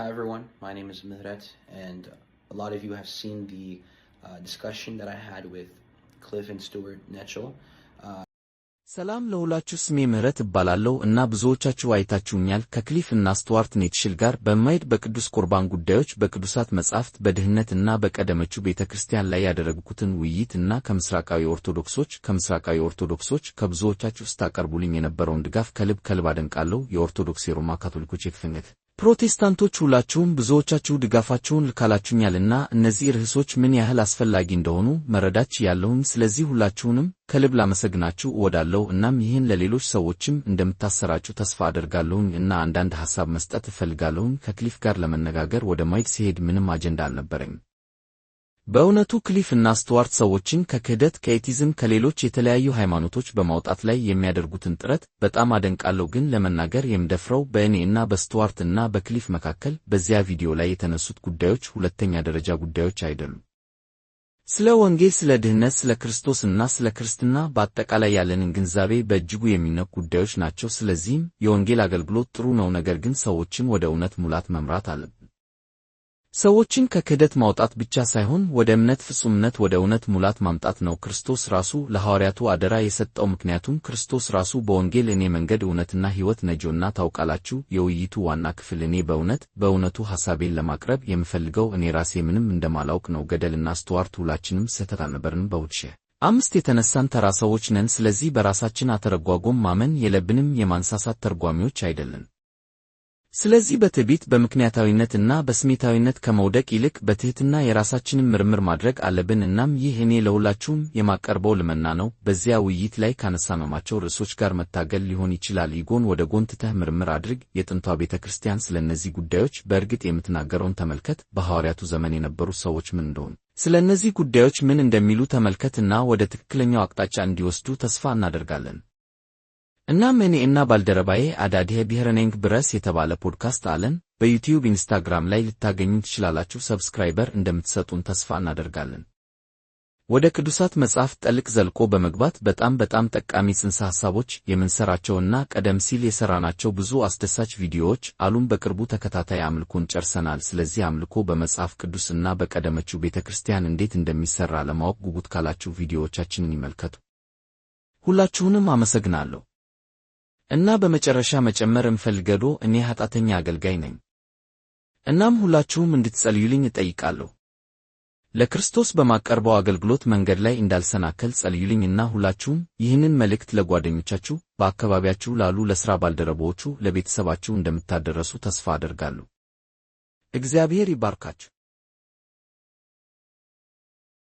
Hi everyone, my name is Mehret, and a lot of you have seen the uh, discussion that I had with Cliff and Stuart Netchell. ሰላም ለሁላችሁ ስሜ ምህረት እባላለሁ እና ብዙዎቻችሁ አይታችሁኛል ከክሊፍ እና ስቱዋርት ኔትሽል ጋር በማሄድ በቅዱስ ቁርባን ጉዳዮች በቅዱሳት መጻሕፍት በድህነት እና በቀደመችው ቤተ ክርስቲያን ላይ ያደረግኩትን ውይይት እና ከምስራቃዊ ኦርቶዶክሶች ከምስራቃዊ ኦርቶዶክሶች ከብዙዎቻችሁ ስታቀርቡልኝ የነበረውን ድጋፍ ከልብ ከልብ አደንቃለሁ። የኦርቶዶክስ የሮማ ካቶሊኮች የክፍነት ፕሮቴስታንቶች ሁላችሁም ብዙዎቻችሁ ድጋፋችሁን ልካላችሁኛልና እነዚህ ርዕሶች ምን ያህል አስፈላጊ እንደሆኑ መረዳች ችያለሁም። ስለዚህ ሁላችሁንም ከልብ ላመሰግናችሁ እወዳለሁ። እናም ይህን ለሌሎች ሰዎችም እንደምታሰራጩ ተስፋ አደርጋለሁኝ እና አንዳንድ ሐሳብ መስጠት እፈልጋለሁኝ። ከክሊፍ ጋር ለመነጋገር ወደ ማይድ ሲሄድ ምንም አጀንዳ አልነበረኝም። በእውነቱ ክሊፍ እና ስቱዋርት ሰዎችን ከክህደት ከኤቲዝም ከሌሎች የተለያዩ ሃይማኖቶች በማውጣት ላይ የሚያደርጉትን ጥረት በጣም አደንቃለሁ ግን ለመናገር የምደፍረው በእኔ እና በስቱዋርት እና በክሊፍ መካከል በዚያ ቪዲዮ ላይ የተነሱት ጉዳዮች ሁለተኛ ደረጃ ጉዳዮች አይደሉም። ስለ ወንጌል፣ ስለ ድህነት፣ ስለ ክርስቶስ እና ስለ ክርስትና በአጠቃላይ ያለንን ግንዛቤ በእጅጉ የሚነኩ ጉዳዮች ናቸው። ስለዚህም የወንጌል አገልግሎት ጥሩ ነው፣ ነገር ግን ሰዎችን ወደ እውነት ሙላት መምራት አለብን። ሰዎችን ከክህደት ማውጣት ብቻ ሳይሆን ወደ እምነት ፍጹምነት፣ ወደ እውነት ሙላት ማምጣት ነው። ክርስቶስ ራሱ ለሐዋርያቱ አደራ የሰጠው። ምክንያቱም ክርስቶስ ራሱ በወንጌል እኔ መንገድ እውነትና ሕይወት ነጆና ታውቃላችሁ። የውይይቱ ዋና ክፍል እኔ በእውነት በእውነቱ ሐሳቤን ለማቅረብ የምፈልገው እኔ ራሴ ምንም እንደማላውቅ ነው። ገደልና አስተዋርት ሁላችንም ስህተት አልነበርንም። በውድሸ አምስት የተነሳን ተራ ሰዎች ነን። ስለዚህ በራሳችን አተረጓጎም ማመን የለብንም። የማንሳሳት ተርጓሚዎች አይደለን። ስለዚህ በትዕቢት በምክንያታዊነትና በስሜታዊነት ከመውደቅ ይልቅ በትሕትና የራሳችንን ምርምር ማድረግ አለብን። እናም ይህ እኔ ለሁላችሁም የማቀርበው ልመና ነው። በዚያ ውይይት ላይ ካነሳመማቸው ርዕሶች ጋር መታገል ሊሆን ይችላል። ይጎን ወደ ጎን ትተህ ምርምር አድርግ። የጥንቷ ቤተ ክርስቲያን ስለ እነዚህ ጉዳዮች በእርግጥ የምትናገረውን ተመልከት። በሐዋርያቱ ዘመን የነበሩ ሰዎች ምን እንደሆኑ ስለ እነዚህ ጉዳዮች ምን እንደሚሉ ተመልከትና ወደ ትክክለኛው አቅጣጫ እንዲወስዱ ተስፋ እናደርጋለን። እናም እኔ እና ባልደረባዬ አዳዲሄ ብሔረኔንግ ብረስ የተባለ ፖድካስት አለን። በዩቲዩብ ኢንስታግራም ላይ ልታገኙ ትችላላችሁ። ሰብስክራይበር እንደምትሰጡን ተስፋ እናደርጋለን። ወደ ቅዱሳት መጽሐፍ ጠልቅ ዘልቆ በመግባት በጣም በጣም ጠቃሚ ጽንሰ ሐሳቦች የምንሰራቸውና ቀደም ሲል የሰራናቸው ብዙ አስደሳች ቪዲዮዎች አሉን። በቅርቡ ተከታታይ አምልኮን ጨርሰናል። ስለዚህ አምልኮ በመጽሐፍ ቅዱስ እና በቀደመችው ቤተ ክርስቲያን እንዴት እንደሚሰራ ለማወቅ ጉጉት ካላችሁ ቪዲዮዎቻችንን ይመልከቱ። ሁላችሁንም አመሰግናለሁ። እና በመጨረሻ መጨመር እምፈልገዶ እኔ ኃጢአተኛ አገልጋይ ነኝ። እናም ሁላችሁም እንድትጸልዩልኝ እጠይቃለሁ። ለክርስቶስ በማቀርበው አገልግሎት መንገድ ላይ እንዳልሰናከል ጸልዩልኝና ሁላችሁም ይህንን መልእክት ለጓደኞቻችሁ፣ በአካባቢያችሁ ላሉ ለሥራ ባልደረቦቹ፣ ለቤተሰባችሁ እንደምታደረሱ ተስፋ አደርጋለሁ። እግዚአብሔር ይባርካችሁ።